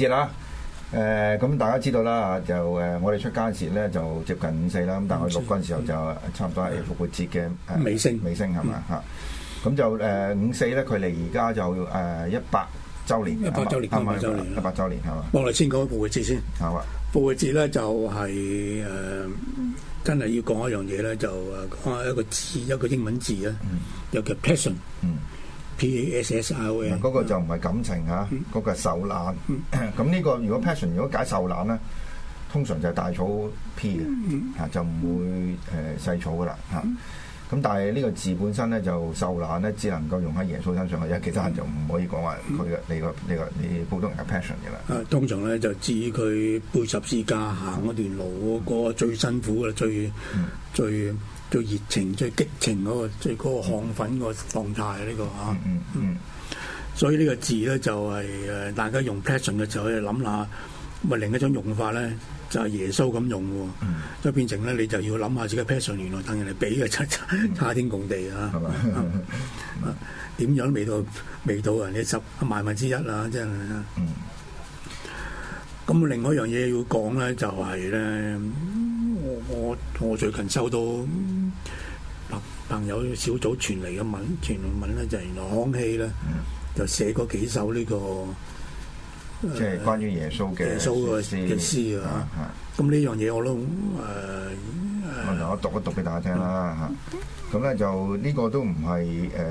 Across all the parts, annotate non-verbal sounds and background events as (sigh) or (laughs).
折啦，誒咁大家知道啦，就誒我哋出街時咧就接近五四啦，咁但係落軍時候就差唔多復活節嘅，尾聲尾聲係嘛嚇？咁、嗯、就誒五四咧，距離而家就誒一百周年，一百周年一百吧周年一百週年係嘛？我哋、嗯、先講復活節先，復活節咧就係、是、誒、呃，真係要講一樣嘢咧，就誒講一個字，一個英文字咧，叫做 pas、嗯、sion P A S S,、R、A S S O 啊，嗰個就唔係感情啊，嗰、嗯、個受難。咁 (laughs) 呢個如果 passion，如果解受難咧，通常就係大草 P 就、呃、草啊就唔會誒細草噶啦吓。咁但係呢個字本身咧就受難咧，只能夠用喺耶穌身上，有其他人就唔可以講話佢嘅你、這個你個你普通人嘅 passion 嘅啦。通常咧就至於佢背十字架行嗰段路，嗯、個最辛苦嘅最最。嗯最最熱情、最激情嗰個最嗰個亢奮個狀態啊！呢個嚇，嗯，所以呢個字咧就係、是、誒，大家用 passion 嘅時候可以諗下，咪另一種用法咧，就係、是、耶穌咁用喎，嗯，就變成咧你就要諗下自己 passion 原來等人哋俾嘅，差差、嗯、 (laughs) 天共地、嗯、啊，係嘛、嗯？點樣都未到，未到啊！你十萬分之一啊，真係咁、嗯嗯、另外一樣嘢要講咧，就係、是、咧、就是，我我我，我最近收到。朋友小組傳嚟嘅文，傳嚟文咧就原來康熙咧就寫過幾首呢個，即係關於耶穌嘅詩。咁呢樣嘢我都誒我讀一讀俾大家聽啦嚇。咁咧就呢個都唔係誒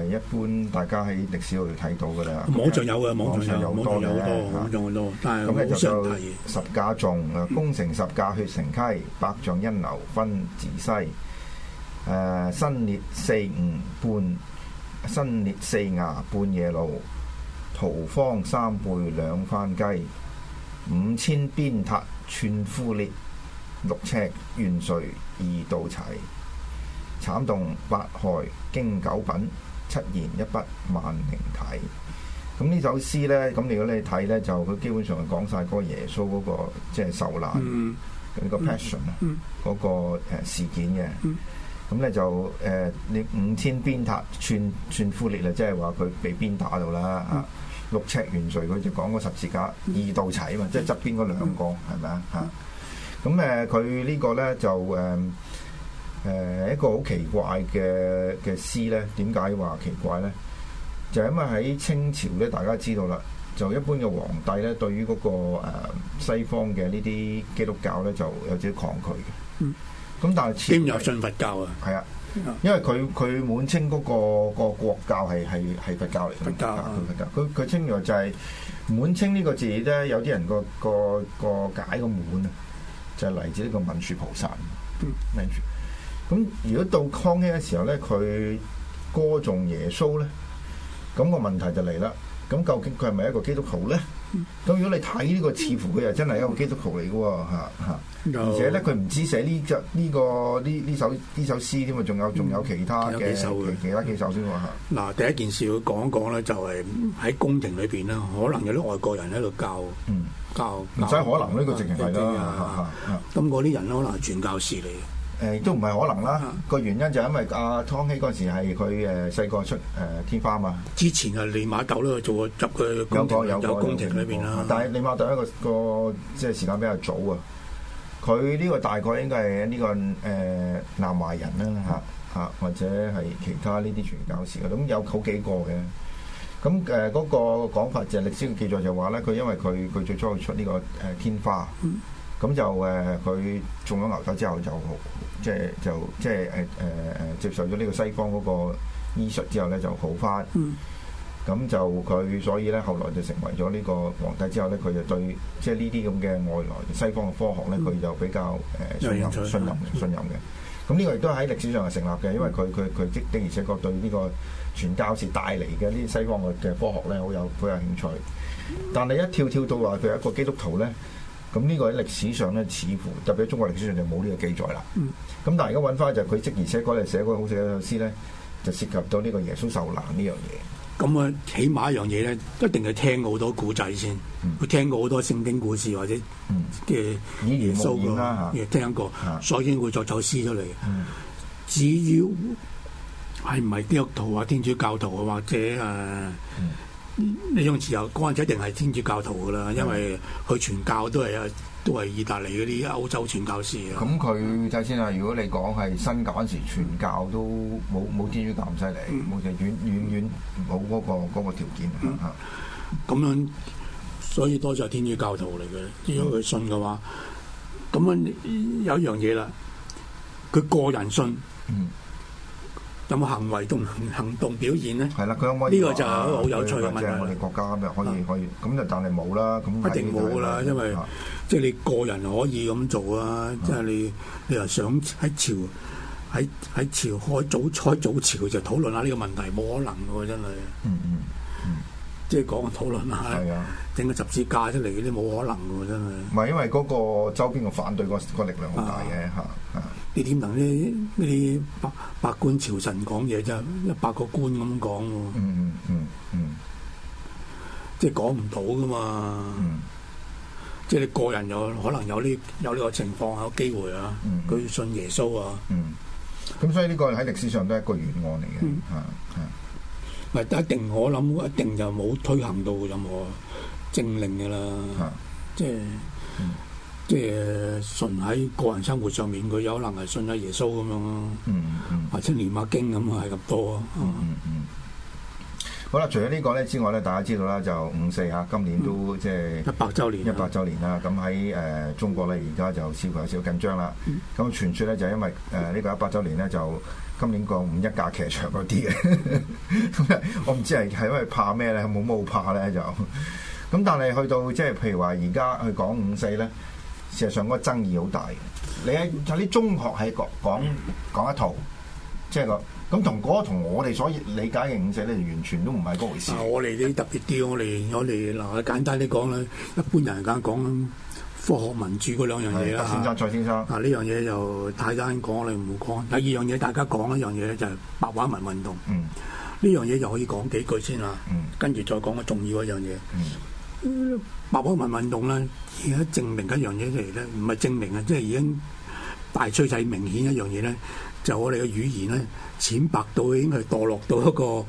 一般大家喺歷史裏睇到㗎啦。網上有嘅，網上有好多，有好多，好多。咁咧就十架頌，功成十架血成溪，百丈恩流分自西。誒、呃，新列四五半，新裂四牙半夜路，桃方三背兩番雞，五千邊塔寸枯裂，六尺怨垂二度齊。慘動八害經九品，七言一筆萬靈體。咁呢首詩呢，咁如果你睇呢，就佢基本上係講晒嗰個耶穌嗰、那個即係、就是、受難，嗰、嗯、個 passion 嗰、嗯、個誒事件嘅。嗯咁咧就誒，你、呃、五千鞭撻串串枯裂、就是、啊！即係話佢被鞭打到啦嚇。六尺元錘佢就講個十字架二道齊啊嘛，mm. 即係側邊嗰兩個係咪、mm. 啊嚇？咁誒佢呢個咧就誒誒、呃、一個好奇怪嘅嘅詩咧，點解話奇怪咧？就是、因為喺清朝咧，大家知道啦，就一般嘅皇帝咧，對於嗰、那個、呃、西方嘅呢啲基督教咧，就有少少抗拒嘅。嗯。Mm. 咁但係清又信佛教啊，係啊，因為佢佢滿清嗰、嗰個、嗰個國教係係係佛教嚟佛教佢佛教佢佢清儒就係滿清呢個字咧，有啲人個個個解個滿啊，就係、是、嚟自呢個文殊菩薩。嗯，文殊咁、嗯、如果到康熙嘅時候咧，佢歌頌耶穌咧，咁、嗰個問題就嚟啦。咁究竟佢係咪一個基督徒咧？咁如果你睇呢個，似乎佢又真係一個基督徒嚟嘅喎，嚇而且咧佢唔止寫呢個呢個呢呢首呢首詩添啊，仲有仲有其他嘅其，其他幾首先嗱、嗯、第一件事要講一講咧，就係喺宮廷裏邊咧，可能有啲外國人喺度教教，唔使、嗯、可能呢、呢個直情係咁啲人可能係傳教士嚟。誒都唔係可能啦，個原因就因為阿湯希嗰時係佢誒細個出誒天花嘛。之前啊，利瑪竇咧做過執嘅宮廷，有宮廷裏邊啦。但係利瑪竇一個一個即係時間比較早啊。佢呢個大概應該係呢、這個誒、呃、南懷仁啦、啊，嚇嚇、啊、或者係其他呢啲傳教士咁有好幾個嘅。咁誒嗰個講法就歷史嘅記載就話咧，佢因為佢佢最初出呢個誒天花，咁、嗯、就誒佢種咗牛痘之後就。好。即係就即係誒誒誒接受咗呢個西方嗰個醫術之後咧就好返，咁、嗯、就佢所以咧後來就成為咗呢個皇帝之後咧，佢就對即係呢啲咁嘅外來西方嘅科學咧，佢就比較誒信任、嗯、信任信任嘅。咁呢個亦都喺歷史上係成立嘅，因為佢佢佢的的而且確對呢個傳教士帶嚟嘅呢啲西方嘅嘅科學咧好有好有興趣。但係一跳跳到話佢有一個基督徒咧。咁呢個喺歷史上咧，似乎特別喺中國歷史上就冇呢個記載啦。咁但係而家揾翻就佢即而且嗰嚟寫嗰好寫嗰首詩咧，就涉及到呢個耶穌受難呢樣嘢。咁、嗯嗯、啊，起碼一樣嘢咧，一定係聽好多古仔先，會聽過好多聖經故事或者嘅與耶穌嘅，亦聽過，所以會作首詩出嚟。只要係唔係基督徒啊、天主教徒嘅或者啊。嗯嗯呢種自由，嗰陣時一定係天主教徒噶啦，因為佢傳教都係啊，都係意大利嗰啲歐洲傳教士。咁佢睇先啦，如果你講係新教嗰陣時，傳教都冇冇天主教咁犀利，冇就、嗯、遠，遠遠遠冇嗰個嗰、嗰個、條件咁樣，所以多數係天主教徒嚟嘅，因為佢信嘅話，咁樣、嗯、有一樣嘢啦，佢個人信。嗯。有冇行為同行動表現咧，係啦，呢個就係一個好有趣嘅問題。我哋國家咪可以可以，咁就但係冇啦。咁一定冇啦，因為即係你個人可以咁做啊。即係你你又想喺朝喺喺朝開早開早朝就討論下呢個問題，冇可能嘅喎，真係。即係講下討論下。啊。整個十字架出嚟嗰啲冇可能嘅喎，真係。唔係因為嗰個周邊嘅反對，個個力量好大嘅嚇啊。你點能呢？呢啲百官朝臣講嘢，就一百個官咁講喎。嗯嗯嗯嗯，即係講唔到噶嘛。嗯、即係你個人有可能有呢有呢個情況有機會、嗯、啊，佢信耶穌啊。嗯，咁所以呢個喺歷史上都係一個懸案嚟嘅。吓吓、嗯，係一定，我諗一定就冇推行到任何政令噶啦。是嗯、即係。即係信喺個人生活上面，佢有可能係信下耶穌咁樣咯，或者、嗯嗯、念下經咁啊，係咁多啊、嗯嗯嗯。好啦，除咗呢個咧之外咧，大家知道啦，就五四吓，今年都即係一百周年，一百、嗯、周年啦。咁喺誒中國咧，而家就似乎有少緊張啦。咁、嗯、傳説咧就係、因為誒呢個一百周年咧，就今年過五一假期長咗啲嘅。 (laughs) 我唔知係係因為怕咩咧，冇乜好怕咧就咁。但係去到即係譬如話而家去講五四咧。事實上嗰個爭議好大嘅，你喺就啲中學喺講講講一套，即係個咁同嗰同我哋所理解嘅五四咧，完全都唔係嗰回事。啊、我哋啲特別啲，我哋我哋嗱簡單啲講啦，一般人嚟講科學民主嗰兩樣嘢啦，蔡先生，蔡先生。啊！呢樣嘢就太單講，你唔好講。第二樣嘢大家講一樣嘢，就係白話文運動。嗯。呢樣嘢就可以講幾句先啦。跟住、嗯、再講個重要一樣嘢。嗯白話文運動咧，而家證明一樣嘢出嚟咧，唔係證明啊，即係已經大趨勢明顯一樣嘢咧，就是，我哋嘅語言咧，淺白到已經係墮落到一個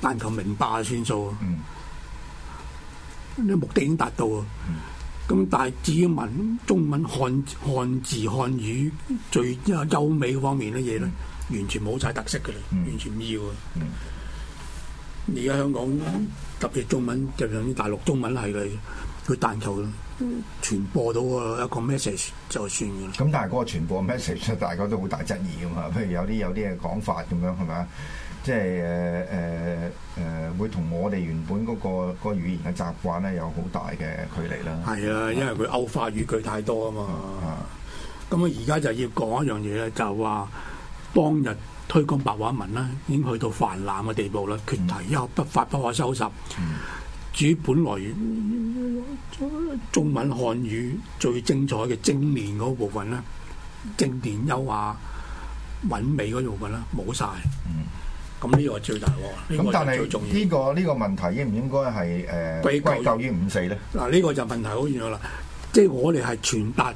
但求、呃、明白嘅算數啊！呢、嗯、目的已經達到啊！咁、嗯、但係至於文中文漢漢字漢語最優美方面嘅嘢咧，嗯、完全冇晒特色嘅啦，嗯、完全唔要啊！嗯嗯而家香港特別中文，特別啲大陸中文係佢，佢但求傳播到一個 message 就算。咁但係嗰個傳播 message 大家都好大質疑㗎嘛？譬如有啲有啲嘅講法咁樣係咪即係誒誒誒，會同我哋原本嗰個嗰個語言嘅習慣咧有好大嘅距離啦。係啊，因為佢歐化語句太多啊嘛。咁啊、嗯，而家就要講一樣嘢咧，就話當日。推廣白話文啦，已經去到泛濫嘅地步啦，決堤優不發不可收拾。至於、嗯、本來中文漢語最精彩嘅精煉嗰部分咧，精煉優雅，韻味嗰部分冇晒。咁呢、嗯、個最大。咁、嗯、但係最重要，呢、這個呢、這個問題應唔應該係誒歸咎於五四咧？嗱呢、啊這個就問題好遠啦，即係我哋係傳達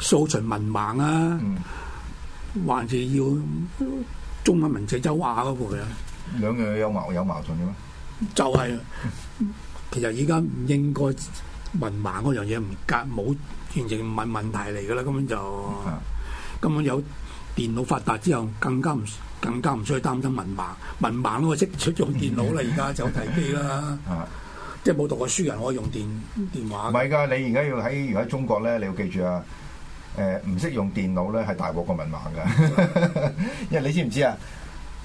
掃除文盲啊，嗯、還是要？中文文字就話嗰個啊，兩樣嘢有矛有矛盾嘅咩？就係、是、 (laughs) 其實而家唔應該文盲嗰樣嘢唔隔冇完全唔係問題嚟噶啦，根本就根本有電腦發達之後更加唔更加唔需要擔心文盲，文盲我識出用電腦啦，而家 (laughs) 就提機啦， (laughs) 即係冇讀過書人可以用電電話。唔係噶，你而家要喺而喺中國咧，你要記住啊！誒唔識用電腦咧，係大過個文盲噶， (laughs) 因為你知唔知啊？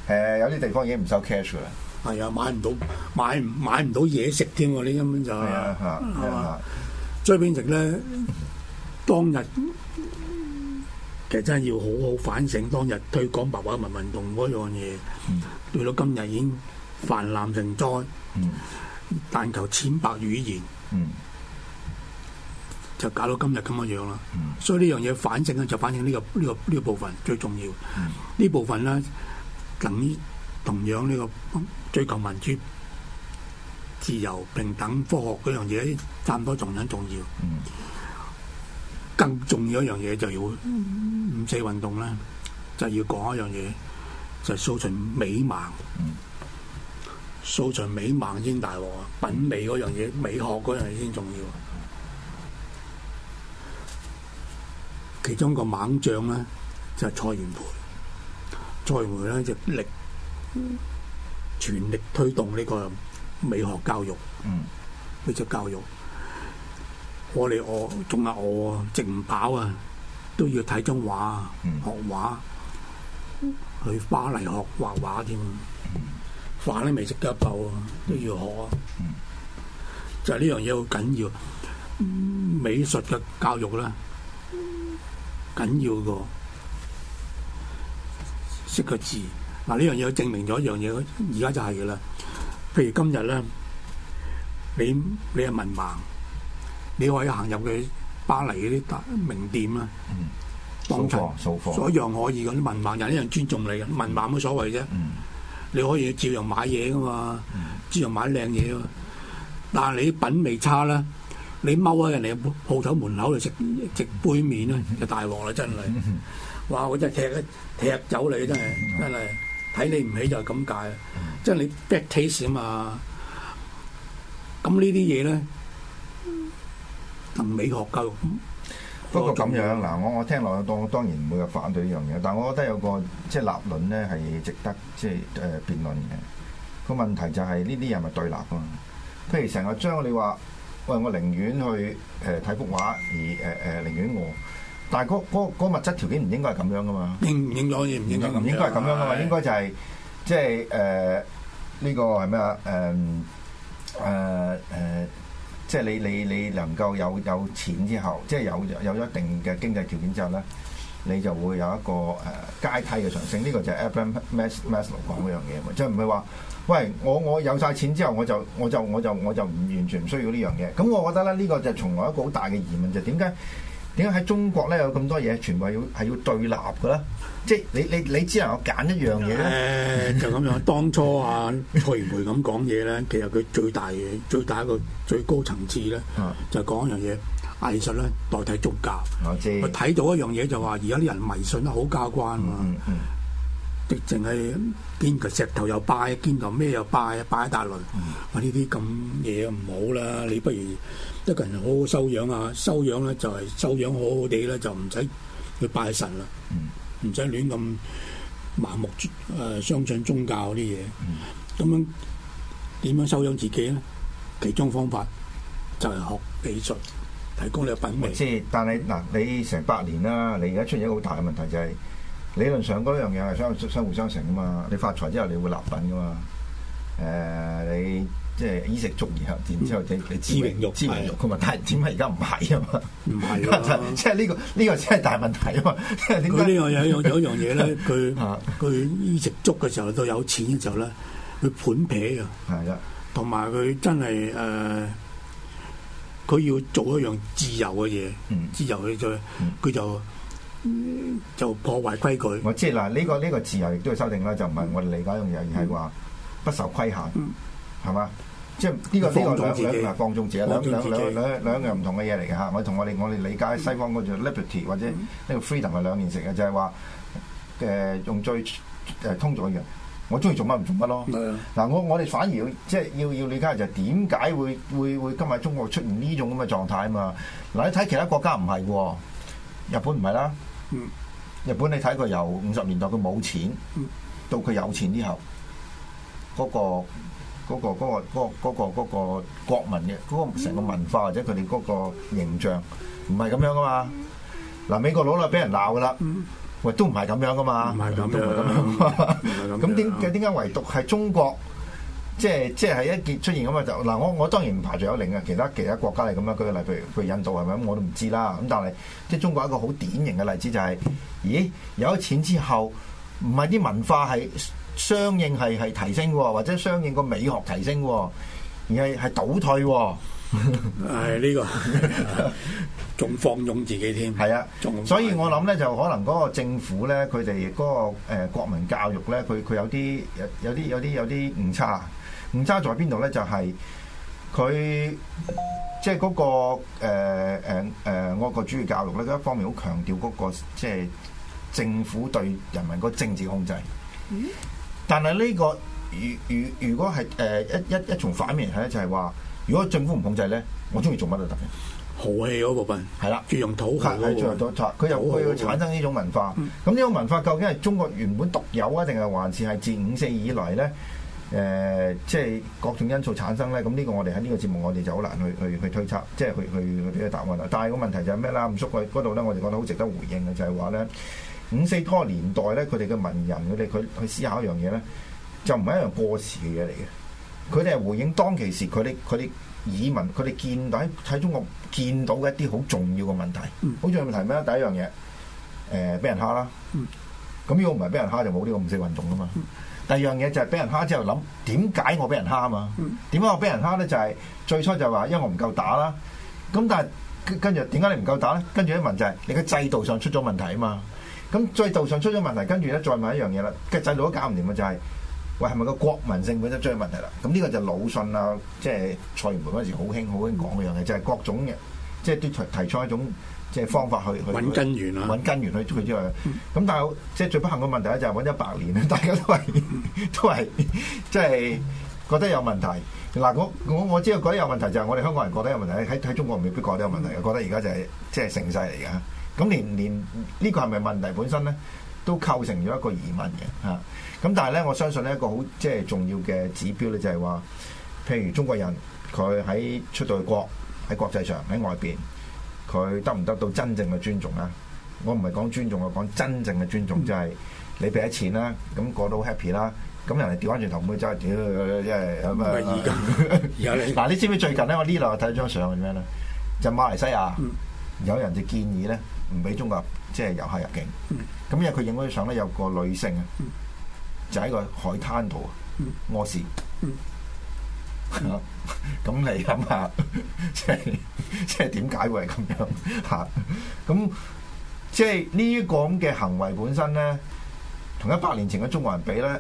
誒、呃、有啲地方已經唔收 cash 啦，係啊，買唔到買唔買唔到嘢食添喎，啊，你根本就係啊，係嘛，啊？追邊食咧？當日其實真係要好好反省，當日推廣白話文運動嗰樣嘢，嗯，對到今日已經泛濫成災，嗯，但求淺白語言，嗯。就搞到今日咁嘅樣啦，嗯、所以呢樣嘢反證咧，就反映呢、呢個呢、呢個呢、呢個部分最重要。呢、嗯、部分咧，等同樣呢個追求民主、自由、平等、科學嗰樣嘢，差唔多同樣重要。嗯、更重要一樣嘢就要五四運動咧，就要講一樣嘢，就係掃除美盲。嗯。掃除美盲先大鑊，品味嗰樣嘢，美學嗰樣嘢先重要。其中一個猛將咧就係、蔡元培，蔡元培咧就係、力、嗯、全力推動呢個美學教育，嗯，美學教育，嗯、我哋我仲啊我靜跑啊都要睇中畫，嗯、學畫，去巴黎學畫畫添，飯都未食得夠都要學、啊，嗯、就係呢樣嘢好緊要、嗯，美術嘅教育啦。緊要個識個字，嗱，呢樣嘢證明咗一樣嘢，而家就係噶啦。譬如今日咧，你你係文盲，你可以行入去巴黎嗰啲名店啊，掃貨掃貨，噉樣可以嘅。啲文盲人一樣尊重你噶，文盲冇所謂啫。嗯、你可以照樣買嘢噶嘛，嗯、照樣買靚嘢啊，但係你品味差啦。你踎喺人哋嘅鋪鋪頭門口度食食杯麪啊，就大鑊啦！真係，哇！我真係踢一踢走你，真係真係睇你唔起就係咁解。即係你 bad taste 啊嘛。咁呢啲嘢咧，同美學教育。不過咁樣嗱，我我聽落當當然唔會有反對呢樣嘢，但係我覺得有個即係立論咧係值得即係誒辯論嘅。個問題就係呢啲人咪對立啊！譬如成日將你話。喂，我寧願去誒睇幅畫，而誒誒寧願我。但係嗰物質條件唔應該係咁樣噶嘛？應應該應應該係咁樣噶嘛？應該就係即係誒呢個係咩啊？誒誒誒，即係你你你能夠有有錢之後，即係有有一定嘅經濟條件之後咧，你就會有一個誒階梯嘅上升。呢個就係 Abraham Maslow 講嗰樣嘢，即係唔係話？喂，我我有晒錢之後，我就我就我就我就唔完全唔需要呢樣嘢。咁我覺得咧，呢個就從來一個好大嘅疑問，就點解點解喺中國咧有咁多嘢全部要係要對立嘅咧？即係你你你只能夠揀一樣嘢咧。嗯、就咁樣， (laughs) 當初啊蔡元培咁講嘢咧，其實佢最大嘅最大一個最高層次咧，嗯、就講一樣嘢，藝術咧代替宗教。我知。佢睇到一樣嘢就話，而家啲人迷信得好交關直淨係見個石頭又拜，見個咩又拜啊，拜一大輪。我呢啲咁嘢唔好啦，你不如一個人好好修養啊！修養咧就係修養好好地咧，就唔使去拜神啦，唔使亂咁盲目誒，相信宗教啲嘢。咁、嗯、樣點樣修養自己咧？其中方法就係學藝術，提高你嘅品味。即係，但係嗱，你成百年啦，你而家出現一個好大嘅問題就係、是。理論上嗰樣嘢係相相互相成噶嘛，你發財之後你會立品噶嘛，誒、呃、你即係衣食足然後，然之後你知榮辱，知榮辱。噶的嘛，但係點解而家唔係啊嘛？唔係啊， (laughs) 即係呢、呢個呢、呢個真係大問題啊嘛，即係點解？呢樣有有一樣嘢咧，佢佢 (laughs) 衣食足嘅時候到有錢嘅時候咧，佢盤撇噶，係啦的，同埋佢真係誒，佢、呃、要做一樣自由嘅嘢，自由去咗，佢、嗯、就。就破壞，規矩，我知。我即係嗱，呢個呢個自由亦都要修訂啦，就唔係我哋理解用嘢，而係話不受規限，係嘛、嗯？即係呢、這個呢個兩兩放縱自己、放縱自己、兩樣唔兩、嗯、同嘅嘢嚟嘅吓。我同我哋我哋理解西方嗰種 liberty 或者呢個 freedom 係兩面食嘅，就係話誒用最誒通咗一樣，我中意做乜唔做乜咯。嗱是的、啊，我我哋反而要即係要要，要理解就係點解會會會，會今日中國出現呢種咁嘅狀態啊嘛？嗱，你睇其他國家唔係嘅，日本唔係啦。嗯，日本你睇佢由五十年代佢冇錢，到佢有錢之後，嗰個嗰個嗰個嗰個嗰個嗰個國民嘅嗰個成個文化或者佢哋嗰個形象唔係咁樣噶嘛？嗱、啊、美國佬咧俾人鬧噶啦，嗯、喂都唔係咁樣噶嘛，唔係咁樣，唔係咁樣，咁點嘅點解唯獨係中國？即係即係一件出現咁啊！就嗱，我我當然唔排除有另啊，其他其他國家嚟咁樣舉個例，譬如譬如印度係咪咁？我都唔知啦。咁但係即係中國一個好典型嘅例子就係：咦，有咗錢之後，唔係啲文化係相應係係提升喎，或者相應個美學提升喎，而係係倒退喎。係呢個仲 (laughs) 放縱自己添。係啊，所以，我諗咧就可能嗰個政府咧，佢哋嗰個誒國民教育咧，佢佢有啲有啲有啲有啲誤差。唔差在邊度咧？就係佢即係嗰個誒誒誒愛國主義教育咧，一方面好強調嗰、那個即係、就是、政府對人民個政治控制。但係呢、這個如如如果係誒、呃、一一一從反面睇咧，就係話如果政府唔控制咧，我中意做乜都得嘅。豪氣嗰部分係啦，用土土客，佢又佢又產生呢種文化。咁呢種文化究竟係中國原本獨有啊，定係還是係自五四以來咧？誒、呃，即係各種因素產生咧，咁呢個我哋喺呢個節目我哋就好難去去去推測，即係去去嗰啲嘅答案啦。但係個問題就係咩啦？吳叔貴嗰度咧，我哋覺得好值得回應嘅就係話咧，五四嗰年代咧，佢哋嘅文人佢哋佢去思考一樣嘢咧，就唔係一樣過時嘅嘢嚟嘅。佢哋係回應當其時佢哋佢哋耳聞佢哋見到喺中國見到嘅一啲好重要嘅問題。好、嗯、重要問題咩咧？第一樣嘢誒，俾、呃、人蝦啦。咁呢個唔係俾人蝦就冇呢個五四個運動啊嘛。嗯。第二樣嘢就係俾人蝦之後諗點解我俾人蝦啊嘛？點解我俾人蝦咧？就係、是、最初就話因為我唔夠打啦。咁但係跟住點解你唔夠打咧？跟住一問就係你個制度上出咗問題啊嘛。咁制度上出咗問題，跟住咧再問一樣嘢啦。嘅制度都搞唔掂嘅就係、是、喂係咪個國民性本身出咗問題啦？咁呢個就魯迅啊，即、就、係、是、蔡元培嗰陣時好興好興講嘅樣嘢，就係、是、各種嘅即係都提出一種。即係方法去去揾根源啦，揾根源去佢之外，咁、嗯、但係即係最不幸嘅問題咧，就係揾一百年大家都係、嗯、都係即係覺得有問題。嗱，我我我知道覺得有問題，就係我哋香港人覺得有問題，喺喺中國未必覺得有問題，我、嗯、覺得而家就係即係盛世嚟㗎。咁連連呢個係咪問題本身咧，都構成咗一個疑問嘅吓。咁、啊、但係咧，我相信呢一個好即係重要嘅指標咧，就係話，譬如中國人佢喺出到去國喺國際上喺外邊。佢得唔得到真正嘅尊重啊？我唔係講尊重啊，講真正嘅尊重、嗯、就係你俾啲錢那那 happy, (laughs) 啦，咁過到 happy 啦，咁人哋掉翻轉頭唔會走去屌，即係咁嗱，你知唔知最近咧？我，我呢兩日睇張相係咩咧？就是、馬來西亞、嗯、有人就建議咧，唔俾中國即係、就是、遊客入境。咁、嗯、因為佢影嗰張相咧，有個女性啊，就喺、是、個海灘度，屙屎、嗯。嗯嗯。吓，咁你諗下，即係即係點解會係咁樣吓？咁即係呢個咁嘅行為本身咧，同一百年前嘅中國人比咧，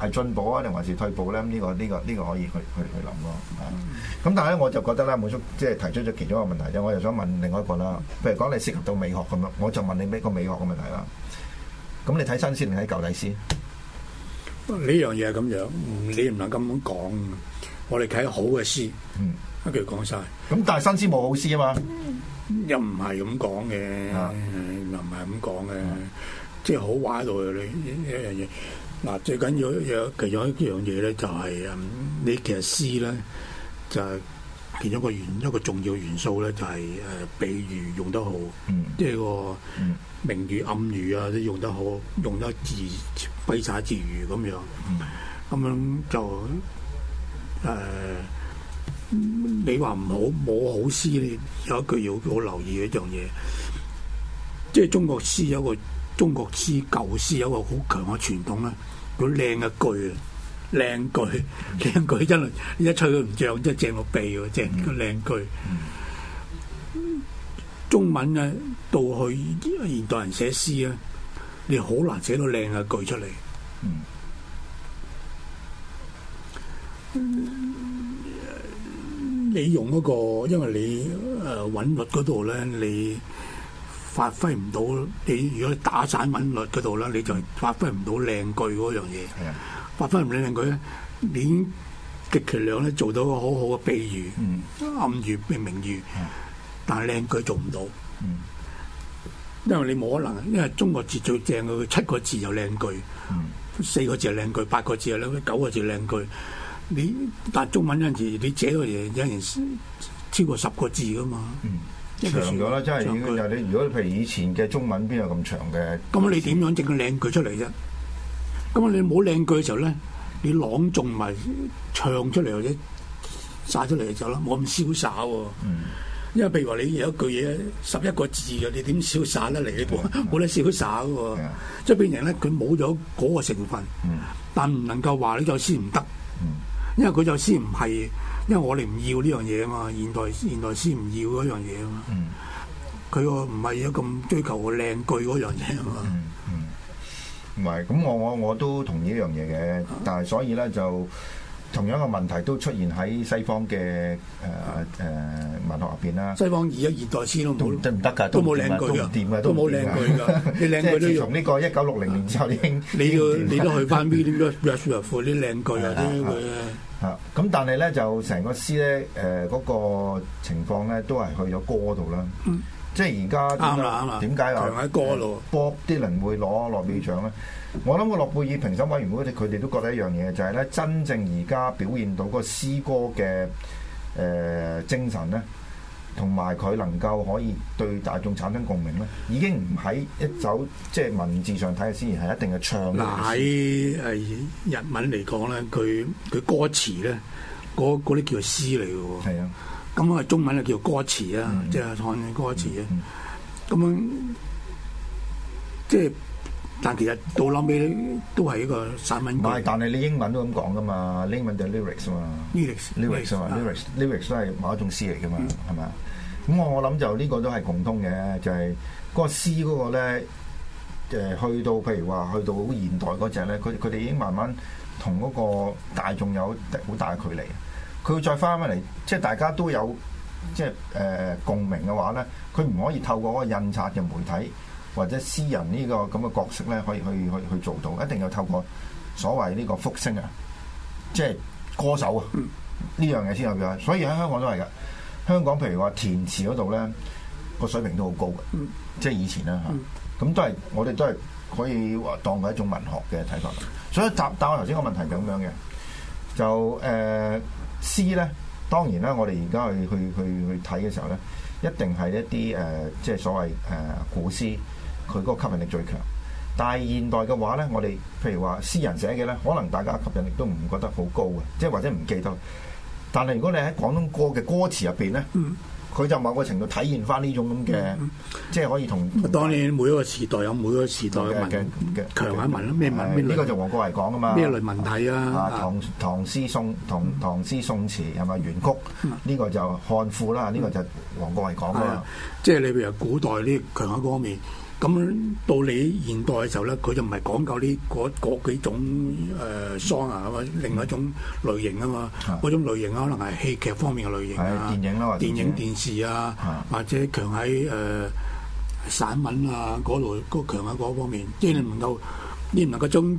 係進步啊，定還是退步咧？咁呢個呢個呢個可以去去去諗咯。咁但係咧，我就覺得咧，滿叔即係提出咗其中一個問題啫，我又想問另外一個啦。譬如講你涉及到美學咁樣，我就問你一個美學嘅問題啦。咁你睇新先定睇舊底先？呢樣嘢係咁樣，你唔能咁樣講。我哋睇好嘅詩，嗯、一句講晒。咁但係新詩冇好詩啊嘛，又唔係咁講嘅，啊、又唔係咁講嘅。啊、即係好玩喺度嘅你一樣嘢。嗱、呃、最緊要有其中一樣嘢咧，就係、是、啊，你其實詩咧就係、是、其中一個元一個重要元素咧、就是，就係誒比喻用得好，嗯嗯、即係個明喻暗喻啊，都用得好，用得自揮灑自如咁樣，咁樣、嗯嗯嗯、就。就誒、呃，你話唔好冇好，好詩咧，有一句要好留意一樣嘢，即係中國詩有一個中國詩舊詩有一個好強嘅傳統啦。佢靚嘅句啊，靚句靚句真係一吹佢唔漲，真係正個鼻喎，正個靚句。Mm hmm. 中文啊，到去現代人寫詩啊，你好難寫到靚嘅句出嚟。Mm hmm. 嗯你用嗰、那個，因為你誒韻律嗰度咧，你發揮唔到。你如果打散韻律嗰度咧，你就發揮唔到靚句嗰樣嘢。Yeah. 發揮唔到靚句咧，你已經極其量咧做到個好好嘅比喻，mm. 暗喻並明喻，Yeah. 但係靚句做唔到。Mm. 因為你冇可能，因為中國字最正嘅七個字係靚句，mm. 四個字係靚句，八個字係靚句，九個字，靚，九個字靚句。你答中文有陣時，你寫個嘢有陣時超過十個字噶嘛？嗯，一個時長咗啦，真係已經你。如果譬如以前嘅中文，邊有咁長嘅？咁你點樣整個靚句出嚟啫？咁你冇靚句嘅時候咧，你朗誦埋唱出嚟或者晒出嚟嘅時候咯、啊，冇咁瀟灑。嗯，因為譬如話你有一句嘢十一個字嘅，你點瀟灑得嚟呢部冇得瀟灑喎。即係變成咧，佢冇咗嗰個成分。嗯、但唔能夠話你，你就先唔得不。因為佢就先唔係，因為我哋唔要呢樣嘢啊嘛，現代現代先唔要嗰樣嘢啊嘛，佢個唔係有咁追求個靚具嗰樣嘢啊嘛，唔係、嗯、咁、嗯、我我我都同意呢樣嘢嘅，啊、但係所以咧就。同樣嘅問題都出現喺西方嘅誒誒文學入邊啦。西方二一二代詩都唔得，都冇靚句㗎。都唔掂㗎，都冇靚句㗎。即係，自從呢個一九六零年之後，已經你要你都去翻 B B R B R 富啲靚句啊啲會啊。咁但係咧就成個詩咧誒嗰個情況咧都係去咗歌度啦。即係而家啱啦，點解啊？唱喺歌嗰度，博啲人會攞諾貝爾獎咧？我諗個諾貝爾評審委員會，佢哋都覺得一樣嘢，就係咧真正而家表現到嗰個詩歌嘅誒、呃、精神咧，同埋佢能夠可以對大眾產生共鳴咧，已經唔喺一首即係、就是、文字上睇嘅詩，而係一定係唱。嗱喺誒日文嚟講咧，佢佢歌詞咧，嗰嗰啲叫做詩嚟嘅喎。係啊。咁啊，中文就叫歌詞啊，即係唱歌詞啊。咁樣即係，但其實到諗尾都係一個散文歌。唔係，但係你英文都咁講噶嘛？英文就 lyrics 嘛。lyrics lyrics lyrics lyrics 都係某一種詩嚟噶嘛，係咪？咁我我諗就呢個都係共通嘅，就係、是、嗰個詩嗰個咧誒，呃、去到譬如話去到好現代嗰隻咧，佢佢哋已經慢慢同嗰個大眾有好大嘅距離。佢再翻翻嚟，即係大家都有即係誒、呃、共鳴嘅話咧，佢唔可以透過嗰個印刷嘅媒體或者私人呢個咁嘅角色咧，可以去去去做到，一定要透過所謂呢個福星啊，即係歌手啊呢、mm. 樣嘢先有嘅。所以喺香港都係㗎，香港譬如話填詞嗰度咧，個水平都好高嘅，mm. 即係以前啦嚇。咁都係我哋都係可以當佢一種文學嘅睇法。所以答答我頭先個問題咁樣嘅，就誒。呃詩呢，當然啦，我哋而家去去去去睇嘅時候呢，一定係一啲誒、呃，即係所謂誒、呃、古詩，佢嗰個吸引力最強。但係現代嘅話呢，我哋譬如話詩人寫嘅呢，可能大家吸引力都唔覺得好高嘅，即係或者唔記得。但係如果你喺廣東歌嘅歌詞入邊呢。嗯。佢就某個程度體現翻呢種咁嘅，即、就、係、是、可以同、嗯、當然每一個時代有每一個時代嘅嘅強下文咯，咩文？呢個就王國維講啊嘛，咩類文體啊？啊唐唐詩宋、嗯、唐唐詩宋詞係咪元曲？呢、嗯、個就漢賦啦，呢、嗯、個就王國維講嘅，即係譬如古代呢強下嗰方面。咁到你現代嘅時候咧，佢就唔係講究呢嗰嗰幾種誒喪啊，或者另外一種類型啊嘛，嗰種類型可能係戲劇方面嘅類型啊，電影啦，電影電視啊，或者強喺誒散文啊嗰度，嗰強喺嗰方面，即係唔能夠你唔能夠將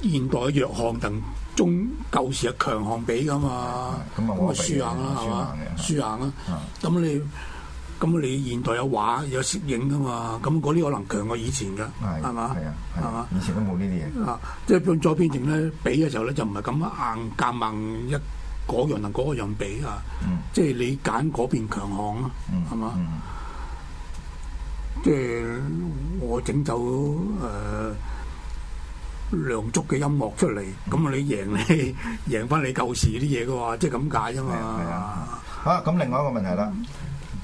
現代嘅弱項同中舊時嘅強項比噶嘛，咁啊輸硬啦，係嘛？輸硬啦，咁你。咁你現代有畫有攝影噶嘛？咁嗰啲可能強過以前噶，係嘛？係啊，係嘛？以前都冇呢啲嘢。啊，即係變咗變成咧比嘅時候咧，就唔係咁硬夾硬一嗰樣同嗰個樣比啊。即係你揀嗰邊強項咯，係嘛？即係我整走誒梁祝嘅音樂出嚟，咁你贏你贏翻你舊時啲嘢嘅喎，即係咁解啫嘛。係啊。啊，咁另外一個問題啦。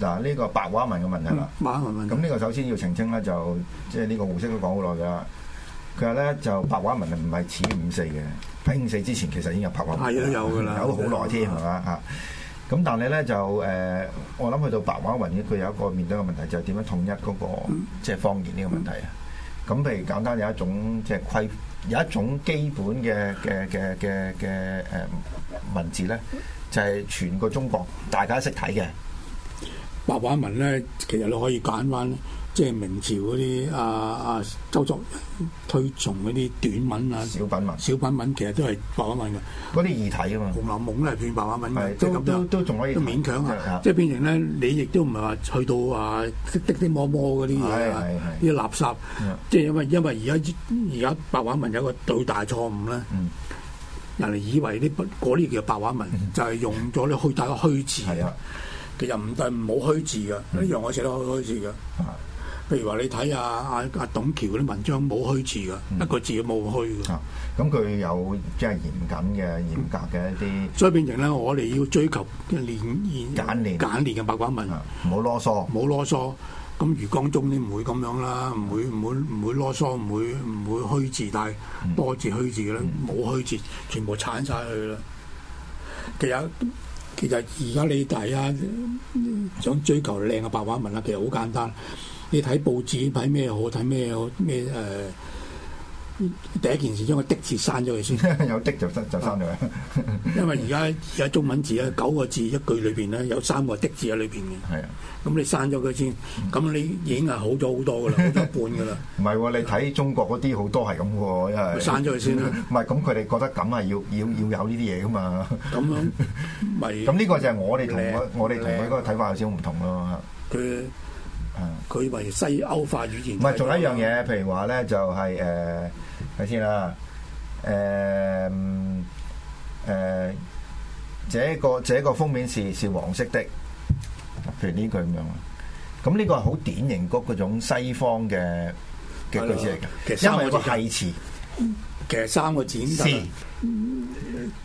嗱，呢個白話文嘅問題啦，咁呢個首先要澄清咧，就即係呢個胡適都講好耐噶啦。佢話咧就白話文唔係似五四嘅，喺五四之前其實已經有白話文，啊，有好耐添，係嘛？咁但係咧就誒、呃，我諗去到白話文，佢有一個面對嘅問題就係點樣統一嗰、那個即係、就是、方言呢個問題啊？咁、嗯、譬如簡單有一種即係、就是、規，有一種基本嘅嘅嘅嘅嘅誒文字咧，就係、是、全個中國大家都識睇嘅。白話文咧，其實你可以揀翻，即係明朝嗰啲阿阿周作推崇嗰啲短文啊，小品文，小品文其實都係白話文嘅，嗰啲二體啊嘛，《紅樓夢》咧係篇白話文嘅，咁都都仲可以，都勉強啊，即係變成咧，你亦都唔係話去到啊，滴滴摸摸嗰啲嘢啊，啲垃圾，即係因為因為而家而家白話文有一個最大錯誤咧，人哋以為呢筆啲叫白話文，就係用咗你去大嘅虛詞。其實唔得唔冇虛字嘅一樣，我寫得好虛字嘅。譬如話你睇啊啊啊董橋嗰啲文章冇虛字嘅，一個字都冇虛嘅。咁佢有即係嚴謹嘅、嚴格嘅一啲。所以變成咧，我哋要追求嘅練練簡練、簡練嘅白話文，唔好囉嗦，唔好囉嗦。咁余光中你唔會咁樣啦，唔會唔會唔會囉嗦，唔會唔會虛字，但係多字虛字嘅咧，冇虛字，全部鏟曬去啦。其實。其實而家你大家想追求靚嘅白話文啦，其實好簡單，你睇報紙睇咩好，睇咩好？咩誒。呃第一件事，將個的字刪咗佢先，有的就刪就刪咗啦。因為而家而家中文字咧，九個字一句裏邊咧，有三個的字喺裏邊嘅。係啊，咁你刪咗佢先，咁你已經係好咗好多噶啦，一半噶啦。唔係喎，你睇中國嗰啲好多係咁喎，因為刪咗佢先啦。唔係，咁佢哋覺得咁係，要要要有呢啲嘢噶嘛。咁樣咪咁呢個就係我哋同我我哋同佢嗰個睇法有少少唔同咯。佢啊，佢係西歐化語言。唔係，仲有一樣嘢，譬如話咧，就係誒。睇先啦，誒、呃、誒、呃，這個這個封面是是黃色的。譬如呢句咁樣，咁、這、呢個係好典型嗰嗰種西方嘅嘅句子嚟嘅，因為有個係詞，的其實三個字得是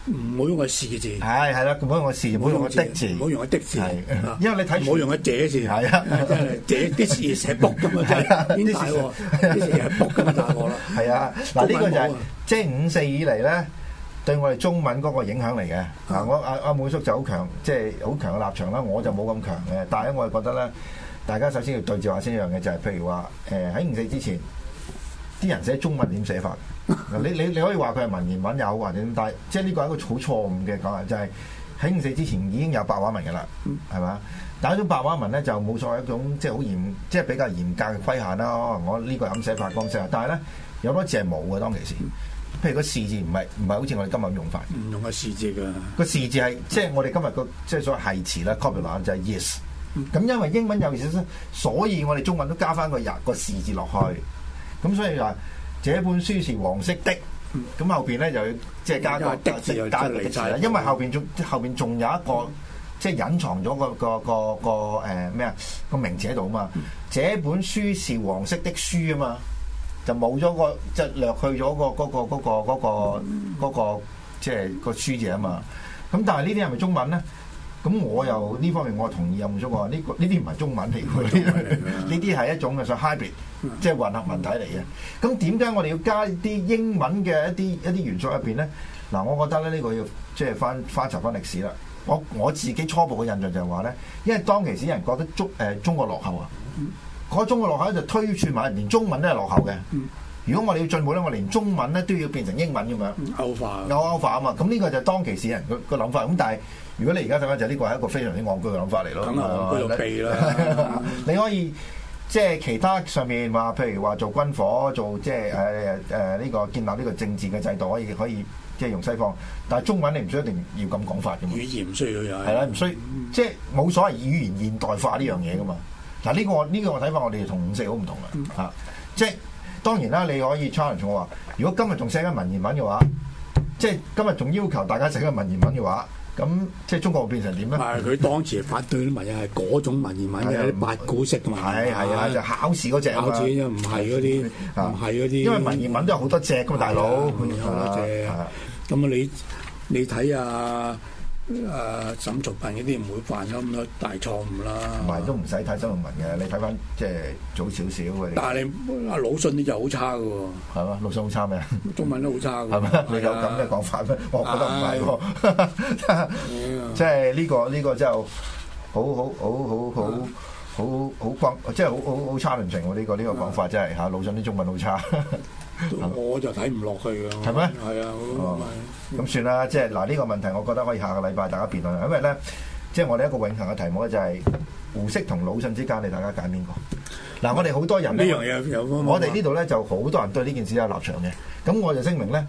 唔好用個士字，係係啦，唔 (noise) 好用個士，唔好用個的字，唔好用個的字，的因為你睇唔好用、 (laughs) 就是、個借字，係啊，借的字寫卜咁啊，邊啲字？邊啲字寫卜咁啊？係啊，嗱呢個就係即係五四以嚟咧，對我哋中文嗰個影響嚟嘅。嗱， (noise) 我阿阿滿叔就好強，即係好強嘅立場啦。我就冇咁強嘅，但係我係覺得咧，大家首先要對照下先一樣嘢，就係、是、譬如話，誒、呃、喺五四之前，啲人寫中文點寫法？你你你可以話佢係文言文有，或者點，但係即係呢個係一個好錯誤嘅講法，就係喺五四之前已經有白話文嘅啦，係嘛、嗯？但係種白話文咧就冇所謂一種即係好嚴，即係比較嚴格嘅規限啦。我呢個咁寫法方式啊，但係咧有多字係冇嘅，當其時，譬如個是字唔係唔係好似我哋今日咁用法，唔用個是字嘅，個是字係即係我哋今日個即係所謂係詞啦 copula 就係、是、yes、嗯。咁因為英文有少少，所以我哋中文都加翻個日個是字落去，咁所以話。這本書是黃色的，咁、嗯嗯、後邊咧就即、是、係加，加個的，的字去加埋曬啦。因為後邊仲後邊仲有一個、嗯、即係隱藏咗個個個個咩啊個，個名字喺度啊嘛。嗯、這本書是黃色的書啊嘛，就冇咗個即係略去咗、那個嗰、那個嗰、那個、那個、嗯那個即係、就是、個書字啊嘛。咁、嗯、但係呢啲係咪中文咧？咁我又呢方面我同意用咗呢個呢啲唔係中文嚟嘅，呢啲係一種嘅，就 hybrid。即係混合文體嚟嘅，咁點解我哋要加啲英文嘅一啲一啲元素入邊咧？嗱，我覺得咧呢、呢個要即係翻翻查翻歷史啦。我我自己初步嘅印象就係話咧，因為當其時人覺得中誒、呃、中國落後啊，嗰、嗯、中國落後就推算埋，連中文都係落後嘅。嗯、如果我哋要進步咧，我連中文咧都要變成英文咁樣、嗯、歐化歐歐化啊嘛。咁呢個就係當其時人個個諗法。咁但係如果你而家睇咧，就、呢、呢個係一個非常之戇居嘅諗法嚟咯。梗係戇居到痹啦！你可以。即係其他上面話，譬如話做軍火，做即係誒誒呢個建立呢個政治嘅制度，可以可以即係用西方。但係中文你唔需要一定要咁講法嘅嘛。語言唔需要又係，係啦，唔需要、嗯、即係冇所謂語言現代化呢樣嘢嘅嘛。嗱呢、呢個呢、呢個我睇法，我哋同五四好唔同啦嚇、嗯啊。即係當然啦，你可以 challenge 我話。如果今日仲寫緊文言文嘅話，即係今日仲要求大家寫緊文言文嘅話。咁即係中國變成點咧？係佢當時反對文人係嗰種文言文，係啲、啊、八股式同埋文，文。係啊，啊就考試嗰隻。考試又唔係嗰啲，唔係啲。啊、因為文言文都有好多隻㗎嘛，大佬。咁啊，你你睇啊？誒沈逐犯呢啲唔會犯咗咁多大錯誤啦，唔係都唔使睇新周文嘅，你睇翻即係早少少嘅。但係你阿魯迅啲就好差嘅喎，係嘛？魯迅好差咩？中文都好差嘅，係咪？你有咁嘅講法咩？我覺得唔係喎，即係呢個呢個真係好好好好好好好光，即係好好好差人情喎。呢個呢個講法真係嚇，魯迅啲中文好差。我就睇唔落去嘅，係咩嗎？係啊，咁、哦嗯、算啦，即係嗱呢個問題，我覺得可以下個禮拜大家辯論，因為咧，即、就、係、是、我哋一個永恆嘅題目就係、是、胡適同魯迅之間，你大家揀邊個？嗱這，我哋好多人呢，有我哋呢度咧就好多人對呢件事有立場嘅，咁我就聲明咧，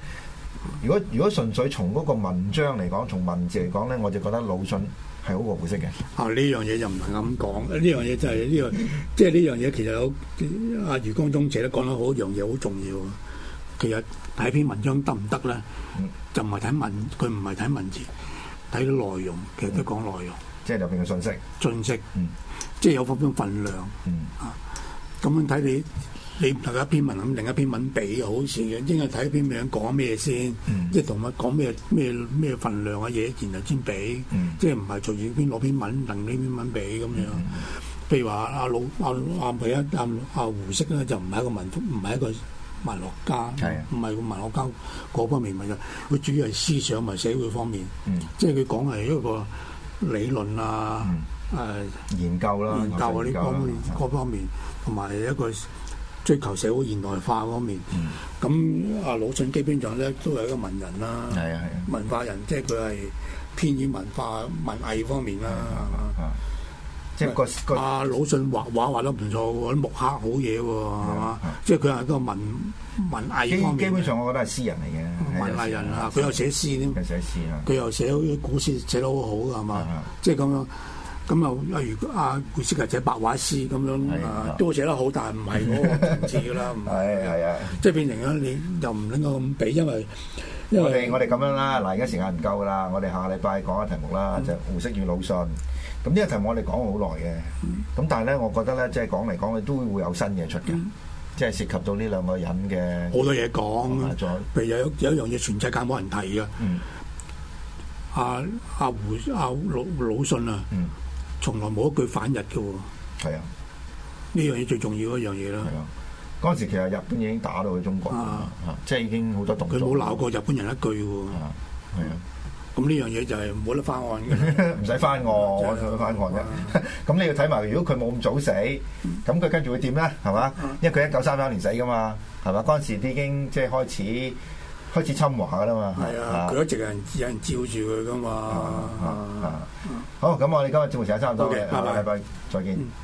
如果如果純粹從嗰個文章嚟講，從文字嚟講咧，我就覺得魯迅。係好、哦這個模式嘅啊！呢樣嘢就唔係咁講，呢樣嘢真係呢樣，即係呢樣嘢其實有阿余光中寫得講得好，一樣嘢好重要。其實睇篇文章得唔得咧，嗯、就唔係睇文，佢唔係睇文字，睇內容，嗯、其實都講內容，即係入邊嘅信息，信息，嗯，即係有分分量，嗯啊，咁、嗯、樣睇你。你大家篇文同另一篇文比，好似嘅，應該睇一篇名講咩先，即係同埋講咩咩咩分量嘅嘢，然後先比，即係唔係隨便篇攞篇文同呢篇文比咁樣。譬、嗯、如話阿、啊、老阿阿一啊阿阿、啊啊、胡適咧，就唔係一個文唔係一個文學家，唔係、啊、個文學家嗰方面嘅，佢主要係思想同埋社會方面，即係佢講係一個理論啊，誒研究啦，研究啊，呢方面各方面，同埋一個。追求社會現代化方面，咁阿魯迅基本上咧都係一個文人啦，文化人，即係佢係偏於文化、文藝方面啦，係嘛？即係個阿魯迅畫畫畫得唔錯喎，啲木刻好嘢喎，係嘛？即係佢係一個文文藝方面。基本上，我覺得係詩人嚟嘅，文藝人啦，佢又寫詩添，佢又寫佢又寫啲古詩寫得好好㗎，係嘛？即係咁樣。咁啊，啊！如果阿胡適嘅係寫白話詩咁樣，啊，都寫得好，但係唔係嗰個文字啦。係啊，係啊，即係變成咗，你又唔能夠咁比，因為因為我哋咁樣啦。嗱，而家時間唔夠啦，我哋下個禮拜講嘅題目啦，就胡適與魯迅。咁呢個題目我哋講好耐嘅，咁但係咧，我覺得咧，即係講嚟講去都會有新嘢出嘅，即係涉及到呢兩個人嘅好多嘢講。再譬如有有一樣嘢全世界冇人提嘅，嗯，阿阿胡阿魯魯迅啊，嗯。從來冇一句反日嘅喎、哦，係啊，呢樣嘢最重要一樣嘢啦。係啊，嗰陣時其實日本已經打到去中國啦，啊、即係已經好多動。佢冇鬧過日本人一句喎，係啊，咁呢、啊嗯、樣嘢就係冇得翻案嘅，唔使 (laughs) 翻我，就佢、是、翻案啫。咁、啊 (laughs) 嗯、你要睇埋，如果佢冇咁早死，咁佢跟住會點咧？係嘛，因為佢一九三三年死噶嘛，係嘛，嗰陣時已經即係開始。開始侵華啦嘛，佢、啊啊、一直有人、啊、有人照住佢噶嘛。啊啊啊、好，咁我哋今日節目時間差唔多，okay，拜拜，拜拜再見。嗯